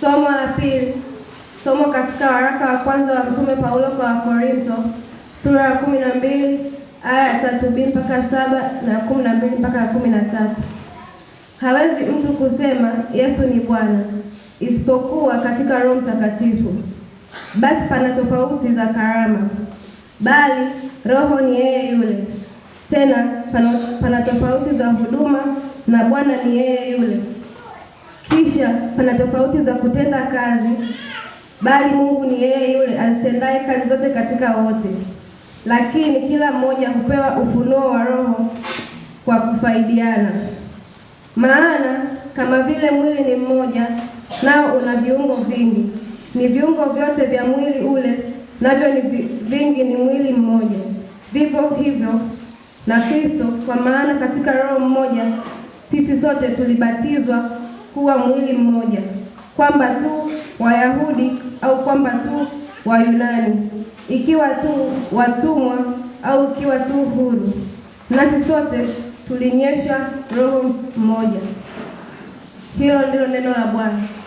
Somo la pili, somo katika waraka wa kwanza wa Mtume Paulo kwa Wakorinto sura ya kumi na mbili aya ya tatu b mpaka saba na kumi na mbili mpaka kumi na tatu. Hawezi mtu kusema Yesu ni Bwana isipokuwa katika Roho Mtakatifu. Basi pana tofauti za karama, bali Roho ni yeye yule. Tena pana, pana tofauti za huduma, na Bwana ni yeye yule kuhakikisha pana tofauti za kutenda kazi, bali Mungu ni yeye yule azitendaye kazi zote katika wote. Lakini kila mmoja hupewa ufunuo wa Roho kwa kufaidiana. Maana kama vile mwili ni mmoja, nao una viungo vingi, ni viungo vyote vya mwili ule, navyo ni vingi, ni mwili mmoja. Vivyo hivyo na Kristo, kwa maana katika Roho mmoja sisi sote tulibatizwa kuwa mwili mmoja, kwamba tu Wayahudi au kwamba tu Wayunani, ikiwa tu watumwa au ikiwa tu huru, nasi sote tulinyeshwa roho mmoja. Hilo ndilo neno la Bwana.